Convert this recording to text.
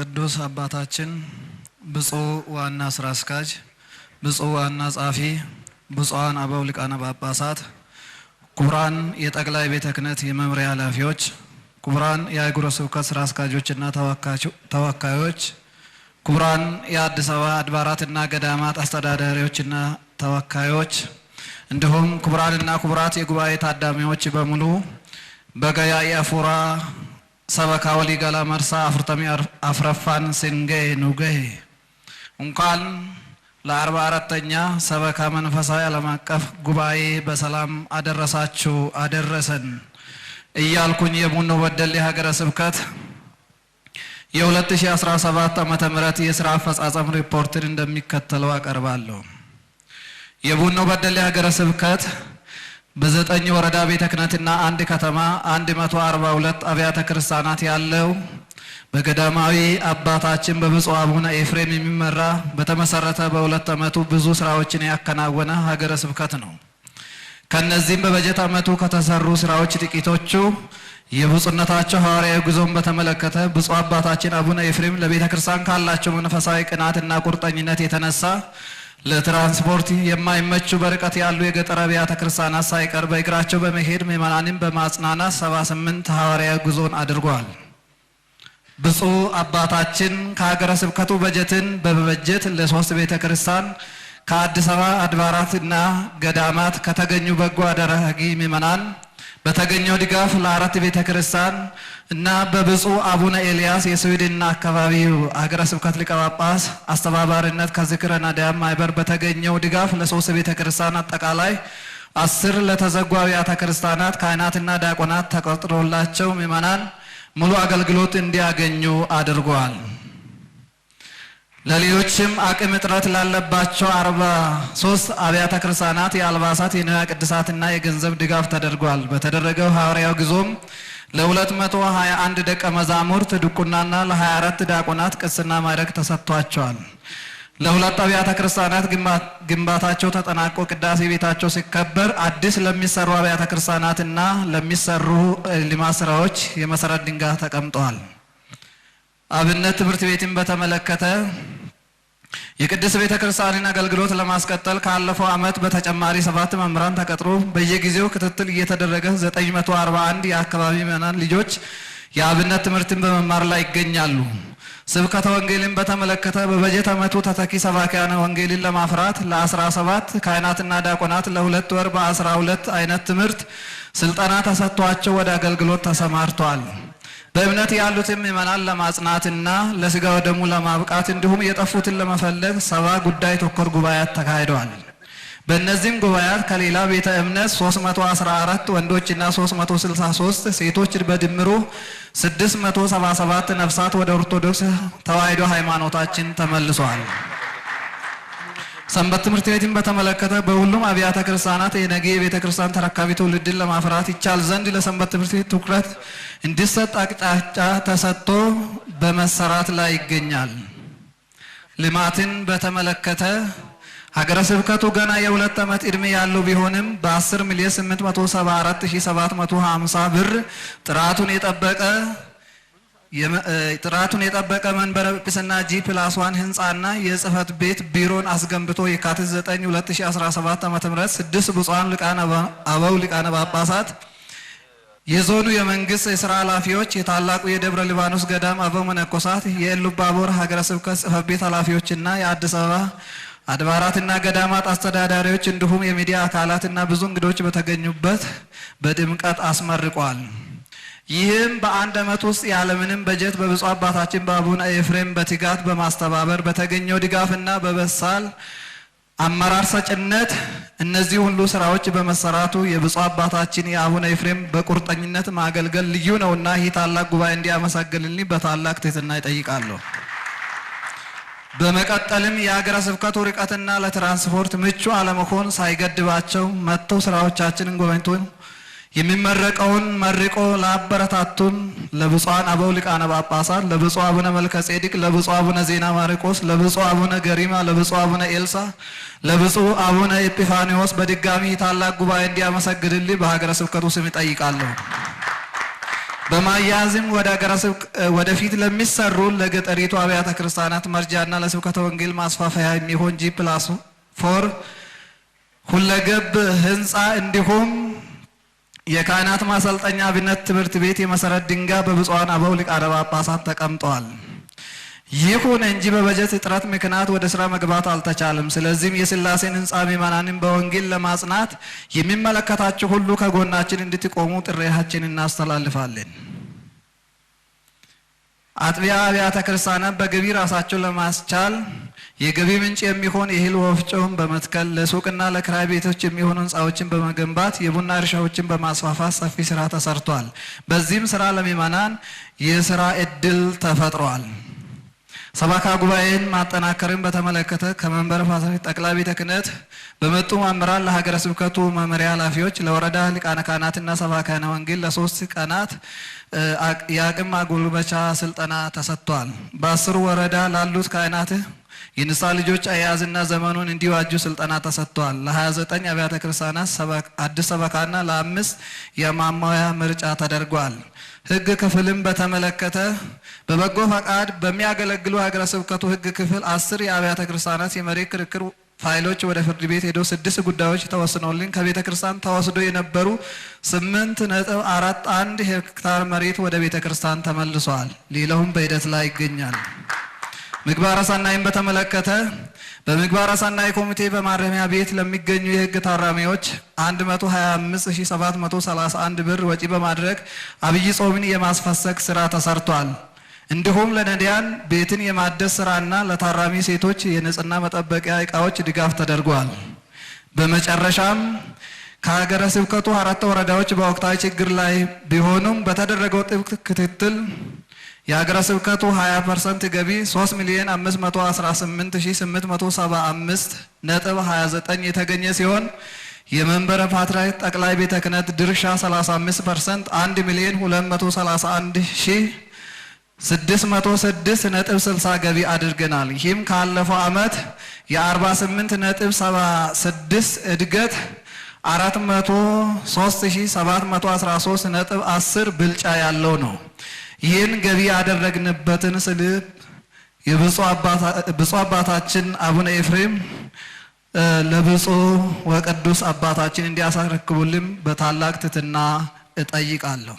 ቅዱስ አባታችን ብፁዕ ዋና ስራ አስኪያጅ፣ ብፁዕ ዋና ጸሐፊ፣ ብፁዓን አበው ሊቃነ ጳጳሳት፣ ክቡራን የጠቅላይ ቤተ ክህነት የመምሪያ ኃላፊዎች፣ ክቡራን የአህጉረ ስብከት ስራ አስኪያጆችና ተወካዮች፣ ክቡራን የአዲስ አበባ አድባራትና ገዳማት አስተዳዳሪዎችና ተወካዮች እንዲሁም ክቡራንና ክቡራት የጉባኤ ታዳሚዎች በሙሉ በገያ የአፉራ ሰበካ ወሊገላ መርሳ አፍርተሚ አፍረፋን ሲንጌ ኑጌ እንኳን ለአርባ አራተኛ ሰበካ መንፈሳዊ ዓለም አቀፍ ጉባኤ በሰላም አደረሳችሁ አደረሰን እያልኩኝ የቡኖ በደሌ ሀገረ ስብከት የ2017 ዓ ም የስራ አፈጻጸም ሪፖርትን እንደሚከተለው አቀርባለሁ። የቡኖ በደሌ ሀገረ ስብከት በዘጠኝ ወረዳ ቤተ ክህነትና አንድ ከተማ 142 አብያተ ክርስቲያናት ያለው በገዳማዊ አባታችን በብፁዕ አቡነ ኤፍሬም የሚመራ በተመሰረተ በሁለት ዓመቱ ብዙ ስራዎችን ያከናወነ ሀገረ ስብከት ነው። ከነዚህም በበጀት ዓመቱ ከተሰሩ ስራዎች ጥቂቶቹ የብፁዕነታቸው ሐዋርያዊ ጉዞን በተመለከተ ብፁዕ አባታችን አቡነ ኤፍሬም ለቤተ ክርስቲያን ካላቸው መንፈሳዊ ቅናትና ቁርጠኝነት የተነሳ ለትራንስፖርት የማይመቹ በርቀት ያሉ የገጠር አብያተ ክርስቲያናት ሳይቀር በእግራቸው በመሄድ ምዕመናንን በማጽናናት 78 ሐዋርያዊ ጉዞን አድርጓል። ብፁዕ አባታችን ከሀገረ ስብከቱ በጀትን በመበጀት ለሶስት ቤተ ክርስቲያን ከአዲስ አበባ አድባራት እና ገዳማት ከተገኙ በጎ አድራጊ ምዕመናን በተገኘው ድጋፍ ለአራት ቤተ ክርስቲያን እና በብፁዕ አቡነ ኤልያስ የስዊድንና አካባቢው ሀገረ ስብከት ሊቀ ጳጳስ አስተባባሪነት ከዝክረ ነዳያን ማህበር በተገኘው ድጋፍ ለሶስት ቤተ ክርስቲያን አጠቃላይ አስር ለተዘጉ አብያተ ክርስቲያናት ካህናትና ዲያቆናት ተቀጥሮላቸው ምዕመናን ሙሉ አገልግሎት እንዲያገኙ አድርጓል። ለሌሎችም አቅም እጥረት ላለባቸው አርባ ሶስት አብያተ ክርስቲያናት የአልባሳት የንዋየ ቅድሳትና የገንዘብ ድጋፍ ተደርጓል። በተደረገው ሐዋርያው ጉዞም ለ221 ደቀ መዛሙርት ድቁናና ለ24 ዲያቆናት ቅስና ማዕረግ ተሰጥቷቸዋል። ለሁለት አብያተ ክርስቲያናት ግንባታቸው ተጠናቆ ቅዳሴ ቤታቸው ሲከበር አዲስ ለሚሰሩ አብያተ ክርስቲያናትና ለሚሰሩ ልማት ስራዎች የመሰረት ድንጋይ ተቀምጠዋል። አብነት ትምህርት ቤትን በተመለከተ የቅድስት ቤተ ክርስቲያንን አገልግሎት ለማስቀጠል ካለፈው ዓመት በተጨማሪ ሰባት መምህራን ተቀጥሮ በየጊዜው ክትትል እየተደረገ 941 የአካባቢ ምዕመናን ልጆች የአብነት ትምህርትን በመማር ላይ ይገኛሉ። ስብከተ ወንጌልን በተመለከተ በበጀት ዓመቱ ተተኪ ሰባኪያነ ወንጌልን ለማፍራት ለ17 ካህናትና ዲያቆናት ለሁለት ወር በ12 አይነት ትምህርት ስልጠና ተሰጥቷቸው ወደ አገልግሎት ተሰማርተዋል። በእምነት ያሉትን ምዕመናን ለማጽናትና ለስጋ ደሙ ለማብቃት እንዲሁም የጠፉትን ለመፈለግ ሰባ ጉዳይ ተኮር ጉባኤያት ተካሂደዋል። በእነዚህም ጉባኤያት ከሌላ ቤተ እምነት 314 ወንዶችና 363 ሴቶች በድምሩ 677 ነፍሳት ወደ ኦርቶዶክስ ተዋሕዶ ሃይማኖታችን ተመልሰዋል። ሰንበት ትምህርት ቤትን በተመለከተ በሁሉም አብያተ ክርስቲያናት የነገ የቤተ ክርስቲያን ተረካቢ ትውልድን ለማፍራት ይቻል ዘንድ ለሰንበት ትምህርት ቤት ትኩረት እንዲሰጥ አቅጣጫ ተሰጥቶ በመሰራት ላይ ይገኛል። ልማትን በተመለከተ ሀገረ ስብከቱ ገና የሁለት ዓመት ዕድሜ ያለው ቢሆንም በ10 ሚሊዮን 874,750 ብር ጥራቱን የጠበቀ ጥራቱን የጠበቀ መንበረ ጵጵስና ጂ ፕላስ ዋን ህንፃና የጽህፈት ቤት ቢሮን አስገንብቶ የካቲት 9 2017 ዓ.ም ስድስት ብፁዓን አበው ሊቃነ ጳጳሳት የዞኑ የመንግስት የስራ ኃላፊዎች፣ የታላቁ የደብረ ሊባኖስ ገዳም አበው መነኮሳት፣ የኢሉባቦር ሀገረ ስብከት ጽህፈት ቤት ኃላፊዎችና የአዲስ አበባ አድባራትና ገዳማት አስተዳዳሪዎች እንዲሁም የሚዲያ አካላትና ብዙ እንግዶች በተገኙበት በድምቀት አስመርቋል። ይህም በአንድ ዓመት ውስጥ ያለምንም በጀት በብፁዕ አባታችን በአቡነ ኤፍሬም በትጋት በማስተባበር በተገኘው ድጋፍና በበሳል አመራር ሰጭነት እነዚህ ሁሉ ስራዎች በመሰራቱ የብፁ አባታችን የአቡነ ኤፍሬም በቁርጠኝነት ማገልገል ልዩ ነውና ይህ ታላቅ ጉባኤ እንዲያመሰግንልኝ በታላቅ ትህትና ይጠይቃለሁ። በመቀጠልም የሀገረ ስብከቱ ርቀትና ለትራንስፖርት ምቹ አለመሆን ሳይገድባቸው መጥተው ስራዎቻችንን ጎበኝቶ የሚመረቀውን መርቆ ለአበረታቱን ለብፁዓን አበው ሊቃነ ጳጳሳት፣ ለብፁዕ አቡነ መልከ ጼዴቅ፣ ለብፁዕ አቡነ ዜና ማርቆስ፣ ለብፁዕ አቡነ ገሪማ፣ ለብፁዕ አቡነ ኤልሳ፣ ለብፁዕ አቡነ ኤጲፋኒዎስ በድጋሚ ታላቅ ጉባኤ እንዲያመሰግድልኝ በሀገረ ስብከቱ ስም ይጠይቃለሁ። በማያያዝም ወደ ሀገረ ወደፊት ለሚሰሩ ለገጠሪቱ አብያተ ክርስቲያናት መርጃና ለስብከተ ወንጌል ማስፋፈያ የሚሆን ጂ ፕላስ ፎር ሁለገብ ህንፃ እንዲሁም የካህናት ማሰልጠኛ አብነት ትምህርት ቤት የመሰረት ድንጋይ በብፁዓን አበው ሊቃነ ጳጳሳት ተቀምጧል። ይሁን እንጂ በበጀት እጥረት ምክንያት ወደ ስራ መግባት አልተቻለም። ስለዚህም የስላሴን ህንፃ ምዕመናንን በወንጌል ለማጽናት የሚመለከታችሁ ሁሉ ከጎናችን እንድትቆሙ ጥሪያችንን እናስተላልፋለን። አጥቢያ አብያተ ክርስቲያናት በገቢ ራሳቸው ለማስቻል የገቢ ምንጭ የሚሆን የእህል ወፍጮን በመትከል ለሱቅና ለክራይ ቤቶች የሚሆኑ ህንፃዎችን በመገንባት የቡና እርሻዎችን በማስፋፋት ሰፊ ስራ ተሰርቷል። በዚህም ስራ ለሚመናን የስራ እድል ተፈጥሯል። ሰባካ ጉባኤን ማጠናከርን በተመለከተ ከመንበረ ፓትርያርክ ጠቅላይ ቤተ ክህነት በመጡ መምህራን ለሀገረ ስብከቱ መመሪያ ኃላፊዎች፣ ለወረዳ ሊቃነ ካህናትና ሰባክያነ ወንጌል ለሶስት ቀናት የአቅም ማጎልበቻ ስልጠና ተሰጥቷል። በአስሩ ወረዳ ላሉት ካህናት የንሳ ልጆች አያያዝና ዘመኑን እንዲዋጁ ስልጠና ተሰጥቷል። ለ29 አብያተ ክርስቲያናት አዲስ ሰበካና ለአምስት የማማያ ምርጫ ተደርጓል። ህግ ክፍልም በተመለከተ በበጎ ፈቃድ በሚያገለግሉ ሀገረ ስብከቱ ህግ ክፍል አስር የአብያተ ክርስቲያናት የመሬት ክርክር ኃይሎች ወደ ፍርድ ቤት ሄደው ስድስት ጉዳዮች ተወስነውልን ከቤተ ክርስቲያን ተወስዶ የነበሩ ስምንት ነጥብ አራት አንድ ሄክታር መሬት ወደ ቤተ ክርስቲያን ተመልሰዋል። ሌላውም በሂደት ላይ ይገኛል። ምግባረ ሰናይን በተመለከተ በምግባረ ሰናይ ኮሚቴ በማረሚያ ቤት ለሚገኙ የህግ ታራሚዎች 125731 ብር ወጪ በማድረግ አብይ ጾምን የማስፈሰግ ስራ ተሰርቷል። እንዲሁም ለነዳያን ቤትን የማደስ ስራና ለታራሚ ሴቶች የንጽህና መጠበቂያ እቃዎች ድጋፍ ተደርጓል። በመጨረሻም ከሀገረ ስብከቱ አራት ወረዳዎች በወቅታዊ ችግር ላይ ቢሆኑም በተደረገው ጥብቅ ክትትል የሀገረ ስብከቱ 20 ገቢ 3 ሚሊዮን 518875 ነጥብ 29 የተገኘ ሲሆን የመንበረ ፓትርያርክ ጠቅላይ ቤተ ክህነት ድርሻ 35 ፐርሰንት 1 ሚሊዮን ስድስት ነጥብ ስልሳ ገቢ አድርገናል። ይህም ካለፈው ዓመት የ48 ነጥብ ስድስት እድገት ሶስት ነጥብ አስር ብልጫ ያለው ነው። ይህን ገቢ ያደረግንበትን ስልብ የብፁዕ አባታችን አቡነ ኤፍሬም ለብፁዕ ወቅዱስ አባታችን እንዲያሳረክቡልን በታላቅ ትትና እጠይቃለሁ።